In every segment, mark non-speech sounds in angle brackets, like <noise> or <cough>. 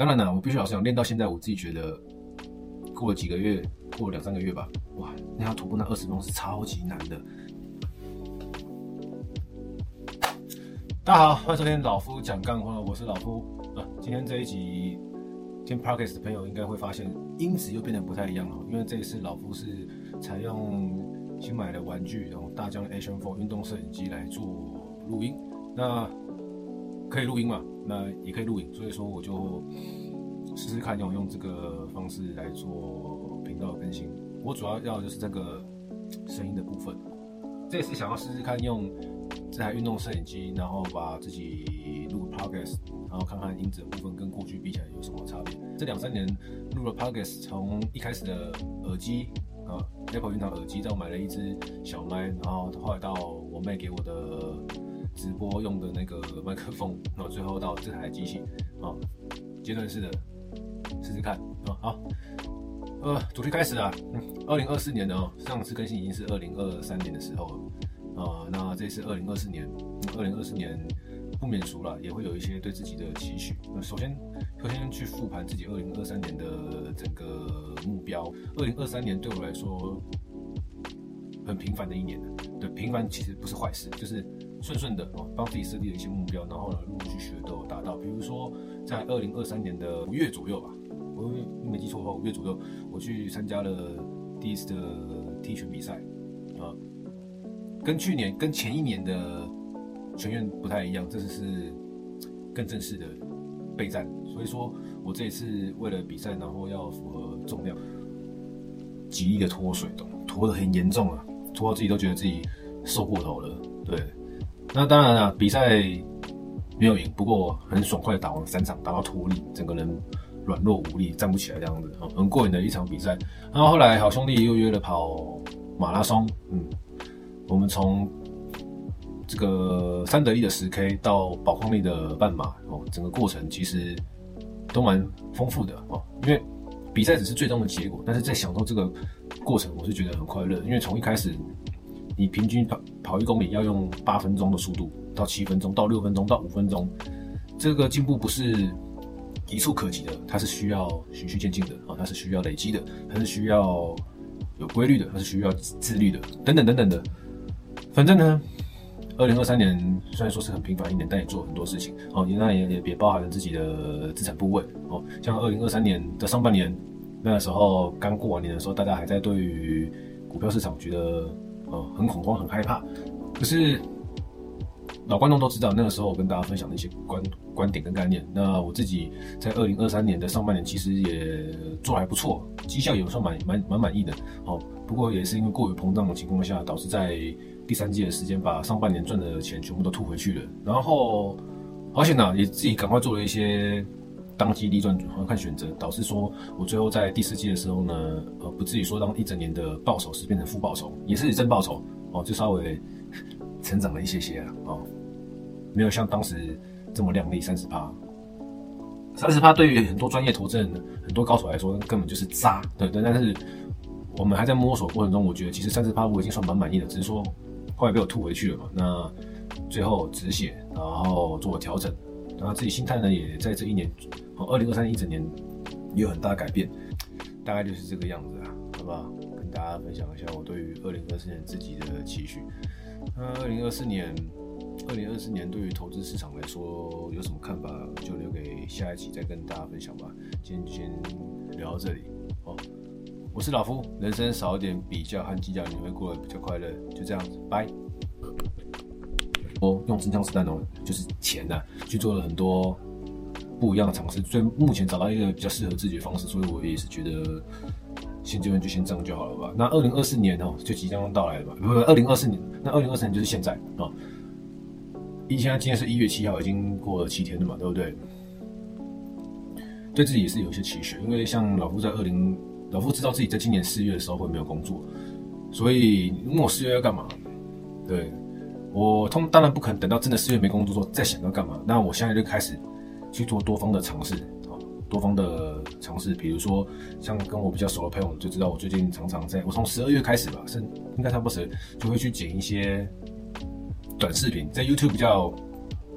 當然了，我必須要實練到現在，我自己覺得過了幾個月，過了兩三個月吧，哇，那要徒步那二十分鐘是超級難的。大家好，歡迎收聽老夫講干貨，我是老夫啊。今天這一集聽 podcast 的朋友應該會發現音質又變得不太一樣了，因為這一次老夫是採用新買的玩具哦，大疆的 Action 4運動攝影機來做錄音。那可以錄音嘛，那也可以錄影，所以說我就試試看用用這個方式來做頻道的更新。我主要要的就是這個聲音的部分，這次想要試試看用這台運動攝影機，然後把自己錄 podcast 然後看看音質的部分跟過去比起來有什麼差別。這兩三年錄了 podcast 從一開始的耳機啊、uh,，Apple 原廠耳機，到買了一支小麥，然後後來到我妹給我的。直播用的那個麥克風，然後最後到這台機器，啊、哦，階段式的試試看啊、哦，好，呃，主題開始啊，二零二四年呢，哦，上次更新已經是二零二三年的時候了，啊、哦，那這次二零二四年，二零二四年不免俗了，也會有一些對自己的期許。那首先，首先去復盤自己二零二三年的整個目標。二零二三年對我來說很平凡的一年，對，平凡其實不是壞事，就是。順順的啊，幫、喔、自己設立了一些目標，然後呢，陸陸續續的都有達到。比如說，在二零二三年的五月左右吧，我沒記錯的話，五月左右，我去參加了第一次的踢拳比賽啊，跟去年跟前一年的全運不太一樣，這次是更正式的備戰。所以說我這一次為了比賽，然後要符合重量，極力的脫水，脫脫得很嚴重啊，脫到自己都覺得自己瘦過頭了，對。那當然了，比賽沒有贏，不過很爽快的打完三場，打到脫力，整個人軟弱無力，站不起來這樣子，哦，很過癮的一場比賽。然後後來好兄弟又約了跑馬拉松，嗯，我們從這個三得一的十 K 到寶礦力的半馬哦，整個過程其實都蠻豐富的哦，因為比賽只是最終的結果，但是在享受這個過程，我是覺得很快樂，因為從一開始。你平均跑跑一公里要用八分鐘的速度，到七分鐘，到六分鐘，到五分鐘，這個進步不是一蹴可及的，它是需要循序漸進的啊，它是需要累積的，它是需要有規律的，它是需要自律的，等等等等的。反正呢，二零二三年雖然說是很平凡一年，但也做很多事情哦，你那也那也也也包含了自己的資產部位哦，像二零二三年的上半年，那時候剛過完年的時候，大家還在對於股票市場覺得。哦、很恐慌，很害怕。可是老觀眾都知道，那個時候我跟大家分享的一些觀觀點跟概念。那我自己在二零二三年的上半年其實也做還不錯，績效也有算蠻蠻蠻滿意的、哦。不過也是因為過於膨脹的情況下，導致在第三季的時間把上半年賺的錢全部都吐回去了。然後，而且呢，也自己趕快做了一些。當機立斷，主要看選擇。導致說，我最後在第四季的時候呢，呃，不至於說當一整年的報酬是變成負報酬，也是正報酬哦，就稍微 <laughs> 成長了一些些啊，哦，沒有像當時這麼靚麗，三十趴，三十趴對於很多專業投資人、很多高手來說根本就是渣，對對。但是我們還在摸索過程中，我覺得其實三十趴我已經算蠻滿意的，只是說後來被我吐回去了嘛。那最後止血，然後做調整，然後自己心態呢也在這一年。二零二三一整年也有很大改變，大概就是這個樣子啊，好不好？跟大家分享一下我對於二零二四年自己的期許。那二零二四年，二零二四年對於投資市場來說有什麼看法，就留給下一期再跟大家分享吧。今天，今天聊到這裡哦，oh, 我是老夫，人生少一點比較和計較，你會過得比較快樂。就這樣子，拜。我，oh, 用真槍實彈哦，就是錢吶，啊，去做了很多，不一樣的嘗試，所以目前找到一個比較適合自己的方式，所以我也是覺得先這樣，就先這樣就好了吧。那二零二四年呢？就即將到來了吧。不，不，不，二零二四年，那二零二四年就是現在啊。一、哦、現在今天是一月七號，已經過了七天了嘛，對不對？對自己也是有一些期許，因為像老夫在二零，老夫知道自己在今年四月的時候會沒有工作，所以問我四月要幹嘛？對，我通當然不肯可能等到真的四月沒工作之後再想要幹嘛，那我現在就開始。去做多方的嘗試啊，多方的嘗試，比如說像跟我比較熟的朋友就知道，我最近常常在，我從十二月開始吧，是應該差不多時，就會去剪一些短視頻，在 YouTube 叫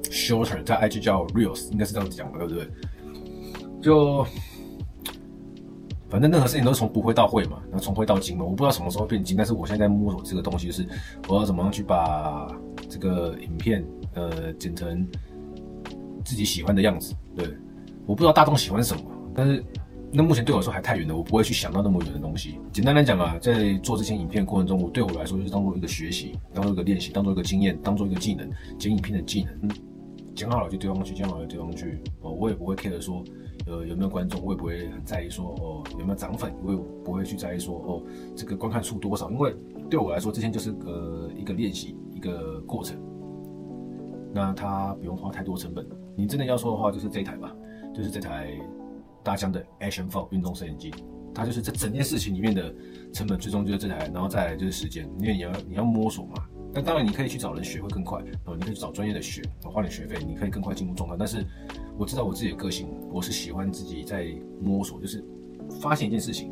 Shorter，在 IG 叫 Reels，應該是這樣子講吧，對不對？就反正任何事情都是從不會到會嘛，那從會到精嘛，我不知道什麼時候變精，但是我現在在摸索這個東西，就是我要怎麼樣去把這個影片呃剪成。自己喜歡的樣子，對，我不知道大衆喜歡什麼，但是那目前對我來說還太遠了，我不會去想到那麼遠的東西。簡單來講啊，在做這些影片過程中，我對我來說就是當做一個學習，當做一個練習，當做一個經驗，當做一個技能，剪影片的技能。嗯，剪好了就丟上去，剪好了丟上去。哦，我也不會 care 說，呃，有沒有觀眾，我也不會很在意說，哦，有沒有漲粉，我也不會去在意說，哦，這個觀看數多少，因為對我來說，這些就是個一個練習，一個過程。那它不用花太多成本。你真的要說的話，就是這一台吧,就是這台大疆的 Action Four 運動攝影機，它就是這整件事情裡面的成本，最終就是這台。然後再來就是時間，因為你要你要摸索嘛。但當然你可以去找人學會更快，然後你可以去找專業的學，然後花點學費，你可以更快進入狀態。但是我知道我自己的個性，我是喜歡自己在摸索，就是發現一件事情，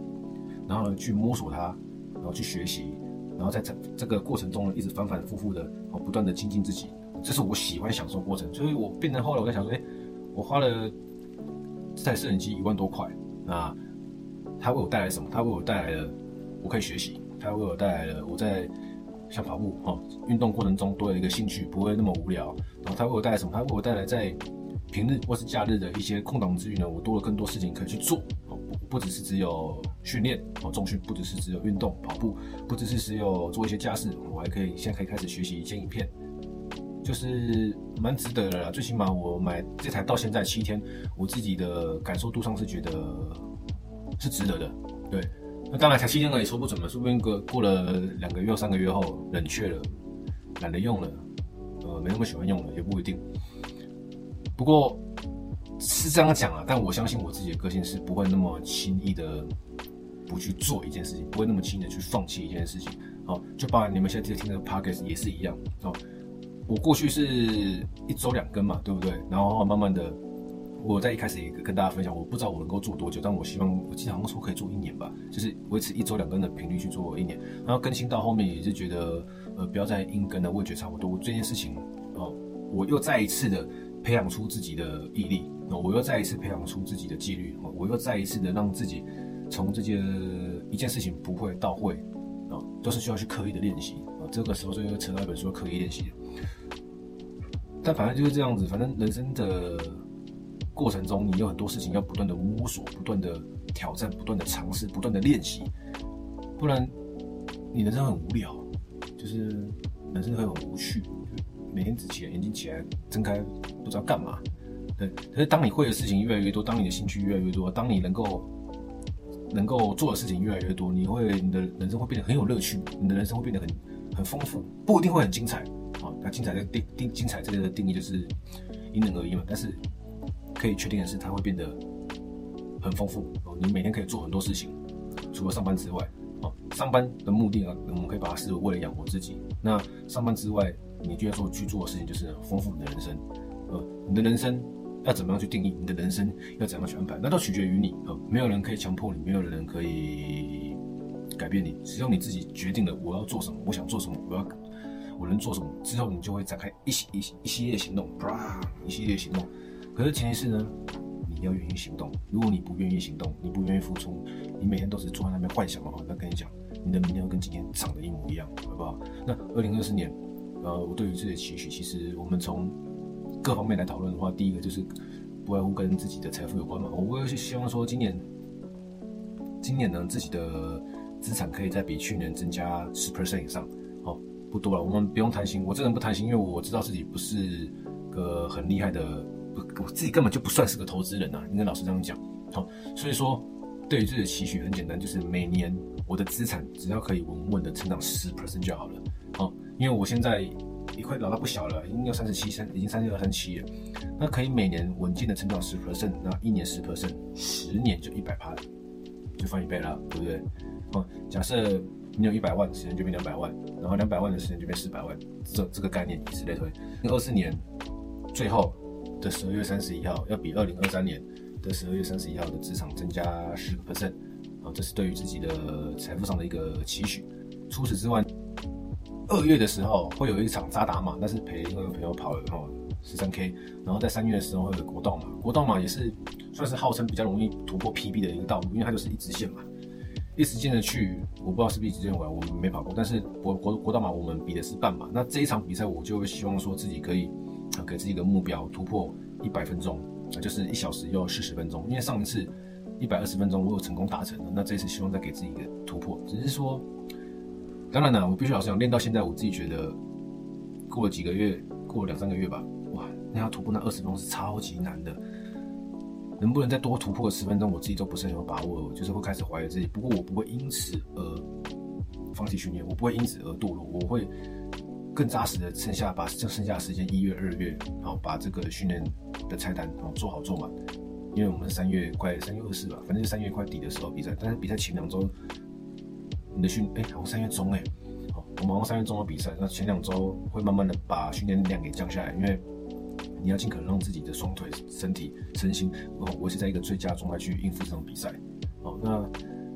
然後去摸索它，然後去學習，然後在這這個過程中一直反反复复的，然後不斷的精進自己。這是我喜歡享受過程，所以我變成後來我在想說，哎，我花了這台攝影機一萬多塊，那它為我帶來什麼？它為我帶來了，我可以學習；它為我帶來了，我在像跑步哦運動過程中多了一個興趣，不會那麼無聊。然後它為我帶來什麼？它為我帶來在平日或是假日的一些空檔之餘呢，我多了更多事情可以去做不，不只是只有訓練哦，重訓不只是只有運動跑步，不只是只有做一些家事，我還可以現在可以開始學習剪影片。就是蠻值得的啦，最起碼我買這台到現在七天，我自己的感受度上是覺得是值得的。對，那當然才，才七天呢，也說不準了，說不定過過了兩個月、三個月後冷卻了，懶得用了，呃，沒那麼喜歡用了，也不一定。不過是這樣講啊，但我相信我自己的個性是不會那麼輕易的不去做一件事情，不會那麼輕易的去放棄一件事情。好，就包括你們現在在聽的 Podcast 也是一樣，好。我過去是一周兩更嘛，對不對？然後慢慢的，我在一開始也跟大家分享，我不知道我能夠做多久，但我希望我經常好像說可以做一年吧，就是維持一周兩更的頻率去做一年。然後更新到後面也是覺得，呃，不要再硬更了，我也覺得差不多。我這件事情哦，我又再一次的培養出自己的毅力，那、哦、我又再一次培養出自己的紀律、哦，我又再一次的讓自己從這些，一件事情不會到會啊、哦，都是需要去刻意的練習。這個時候就會成了一本書可以練習。但反正就是這樣子，反正人生的過程中，你有很多事情要不斷的摸索、不斷的挑戰、不斷的嘗試、不斷的練習，不然你人生很無聊，就是人生會很無趣，每天只起來，眼睛起來睜開，不知道幹嘛。對，可是當你會的事情越來越多，當你的興趣越來越多，當你能夠能夠做的事情越來越多，你會你的人生會變得很有樂趣，你的人生會變得很。很豐富，不一定會很精彩，啊，那精彩的定定精彩這個的定義就是因人而異嘛。但是可以確定的是，它會變得很豐富，啊。你每天可以做很多事情，除了上班之外，啊，上班的目的啊，我們可以把它視為為了養活自己。那上班之外，你就要做去做的事情就是豐富你的人生，啊。你的人生要怎麼樣去定義？你的人生要怎樣去安排？那都取決於你，啊。沒有人可以強迫你，沒有人可以。改變你，只要你自己決定了，我要做什麼，我想做什麼，我要我能做什麼，之後你就會展開一系一一系列行動，啪，一系列，行動，一系列行動。可是前提是呢，你要願意行動。如果你不願意行動，你不願意付出，你每天都是坐在那邊幻想的話，那跟你講，你的明天會跟今天長得一模一樣，好不好？那二零二四年，呃，我對於這些期許，其實我們從各方面來討論的話，第一個就是不外乎跟自己的財富有關嘛。我也是希望說，今年，今年呢，自己的。資產可以再比去年增加十 percent 以上，好、哦，不多了，我們不用擔心。我這人不貪心，因為我知道自己不是個很厲害的不，我自己根本就不算是個投資人吶、啊。應該老師這樣講，好、哦，所以說對於這個期許很簡單，就是每年我的資產只要可以穩穩的成長十 percent 就好了，好、哦，因為我現在也快老大不小了，已經要三十七，三已經三十六三十七了，那可以每年穩健的成長十 percent，那一年十 percent，十年就一百趴了。就翻一倍了，對不對？哦、嗯，假設你有一百萬，的時間就變兩百萬，然後兩百萬的時間就變四百萬，這這個概念以此類推。二四年最後的十二月三十一號，要比二零二三年的十二月三十一號的資產增加十個 percent。哦，這是對於自己的財富上的一個期許。除此之外，二月的時候會有一場渣打嘛，那是陪那個朋友跑的十三 k，然後在三月的時候會有個國道馬，國道馬也是算是號稱比較容易突破 PB 的一個道路，因為它就是一直線嘛，一直間的去，我不知道是不是一直線玩，我們沒跑過，但是國國國道馬，我們比的是半馬，那這一場比賽我就希望說自己可以給自己一個目標，突破一百分鐘，那就是一小時又四十分鐘，因為上一次一百二十分鐘我有成功達成了，那這次希望再給自己一個突破，只是說，當然呢，啊，我必須老實講，練到現在，我自己覺得過了幾個月，過了兩三個月吧。那要突破那二十分鐘是超級難的，能不能再多突破十分鐘，我自己都不是很有把握，就是會開始懷疑自己。不過我不會因此而放棄訓練，我不會因此而墮落，我會更扎實的剩下把就剩下的時間一月、二月，然後把這個訓練的菜單然後做好做滿。因為我們三月快三月二十四吧，反正三月快底的時候比賽，但是比賽前兩週你的訓哎，好像三月中哎、欸，我們三月中有比賽，那前兩週會慢慢的把訓練量給降下來，因為。你要盡可能讓自己的雙腿、身體、身心哦，維持在一個最佳狀態去應付這場比賽。好，那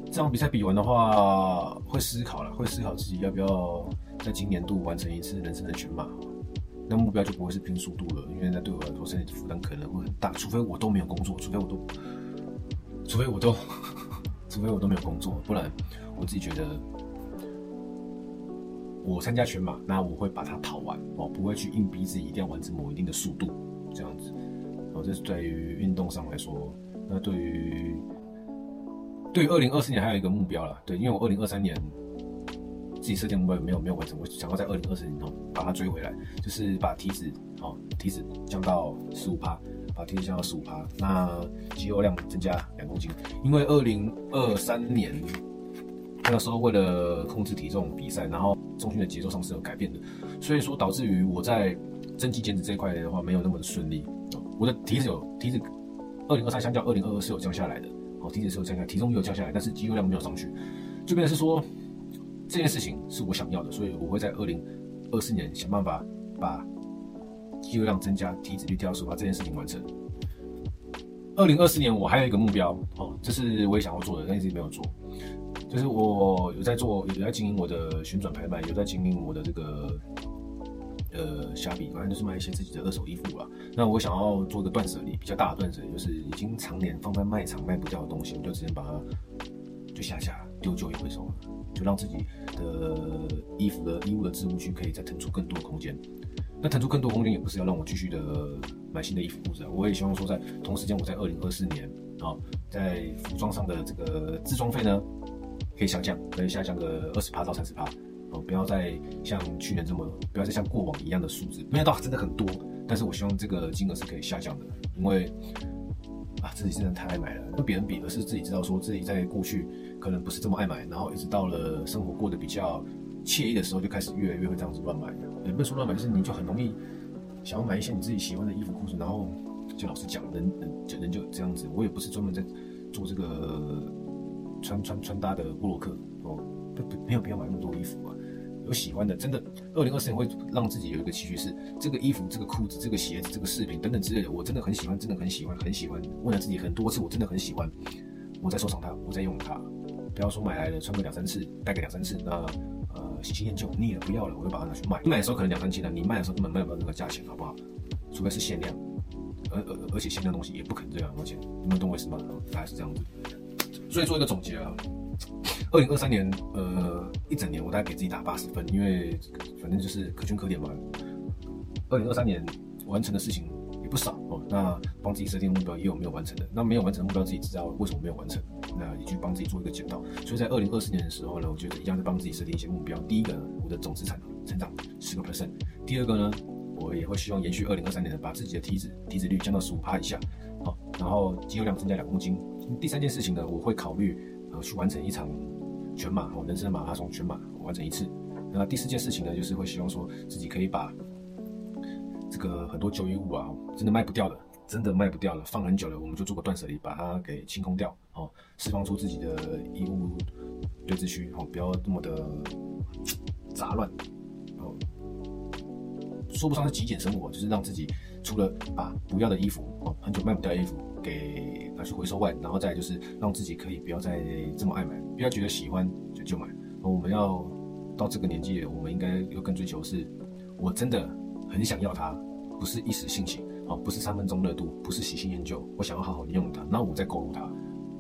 這場比賽比完的話，會思考了，會思考自己要不要在今年度完成一次人生的全馬。那目標就不會是拼速度了，因為那對我來說身體的負擔可能會很大。除非我都沒有工作，除非我都，除非我都，呵呵除非我都沒有工作，不然我自己覺得。我參加全馬，那我會把它跑完，哦，不會去硬逼自己，一定要完成某一定的速度，這樣子，哦，這是對於運動上來說，那對於，對於二零二四年還有一個目標了，對，因為我二零二三年自己設定目標沒有沒有完成，我想要在二零二四年中，哦，把它追回來，就是把體脂，哦，體脂降到十五趴，把體脂降到十五趴，那肌肉量增加兩公斤，因為二零二三年。那個時候為了控制體重比賽，然後重訓的節奏上是有改變的，所以說導致於我在增肌減脂這一塊的話沒有那麼的順利。我的體脂有體脂，二零二三相較二零二二是有降下來的，哦，體脂是有降下來，體重也有降下來，但是肌肉量沒有上去，就變成是說這件事情是我想要的，所以我會在二零二四年想辦法把肌肉量增加，體脂率掉掉，把這件事情完成。二零二四年我還有一個目標哦，這是我也想要做的，但是沒有做。就是我有在做，有在經營我的旋轉拍賣，有在經營我的這個呃蝦皮，反正就是賣一些自己的二手衣服啦。那我想要做個斷捨離，比較大的斷捨離就是已經常年放在賣場賣不掉的東西，我就直接把它就下架，丟舊衣回收了，就讓自己的衣服的衣物的置物區可以再騰出更多的空間。那騰出更多空間也不是要讓我繼續的買新的衣服，或者我也希望說，在同時間我在二零二四年啊，然後在服裝上的這個置裝費呢，可以下降，可以下降個二十趴到三十趴哦，不要再像去年這麼，不要再像過往一樣的數字。沒想到真的很多，但是我希望這個金額是可以下降的，因為啊自己真的太愛買了，跟別人比，而是自己知道說自己在過去可能不是這麼愛買，然後一直到了生活過得比較愜意的時候，就開始越來越會這樣子亂買。也不是說亂買，就是你就很容易想要買一些你自己喜歡的衣服、褲子，然後就老實講，人人人就這樣子。我也不是專門在做這個。穿穿穿搭的布洛克哦，不不沒有必要買那麼多衣服啊。有喜歡的，真的，二零二四年會讓自己有一個期許，是，這個衣服、這個褲子、這個鞋子、這個飾品等等之類的，我真的很喜歡，真的很喜歡，很喜歡。問了自己很多次，我真的很喜歡。我在收藏它，我在用它。不要說買來了穿個兩三次，戴個兩三次，那呃，喜新厭舊，膩了不要了，我就把它拿去賣。你買的時候可能兩三千了，你賣的時候根本賣不到那個價錢，好不好？除非是限量，而而而且限量東西也不肯這樣，多錢。你們懂為什麼嗎？大概是這樣子。所以做一個總結啊，二零二三年呃一整年我大概給自己打八十分，因為反正就是可圈可點嘛。二零二三年完成的事情也不少哦，那幫自己設定目標也有沒有完成的，那沒有完成的目標自己知道為什麼沒有完成，那你去幫自己做一個檢討。所以在二零二四年的時候呢，我覺得一樣是幫自己設定一些目標。第一個呢，我的總資產成長十個 percent；第二個呢，我也會希望延續二零二三年的，把自己的體脂體脂率降到十五趴以下，好，然後肌肉量增加兩公斤。第三件事情呢，我會考慮呃去完成一場全馬哦、喔，人生的馬拉松全馬、喔、完成一次。那第四件事情呢，就是會希望說自己可以把這個很多舊衣物啊、喔，真的賣不掉的，真的賣不掉了，放很久了，我們就做個斷捨離，把它給清空掉哦，釋、喔、放出自己的衣物對質區哦，不要那麼的雜亂哦、喔，說不上是極簡生活，就是讓自己。除了把不要的衣服，很久賣不掉的衣服給拿去回收外，然後再就是讓自己可以不要再這麼愛買，不要覺得喜歡就就買。我們要到這個年紀，我們應該要更追求是，我真的很想要它，不是一時興起，哦，不是三分鐘熱度，不是喜新厭舊，我想要好好利用它，那我再購入它，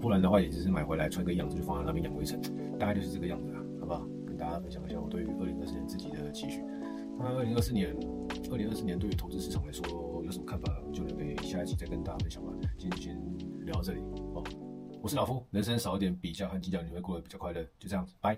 不然的話也只是買回來穿個樣子，就放在那邊養灰塵，大概就是這個樣子啊，好不好？跟大家分享一下我對於二零二四年自己的期許。那二零二四年，二零二四年對於投資市場來說，有什麼看法，就留給下一期再跟大家分享吧。今天就先聊到這裡哦。我是老夫，人生少一點比較和計較，你會過得比較快樂。就這樣子，拜。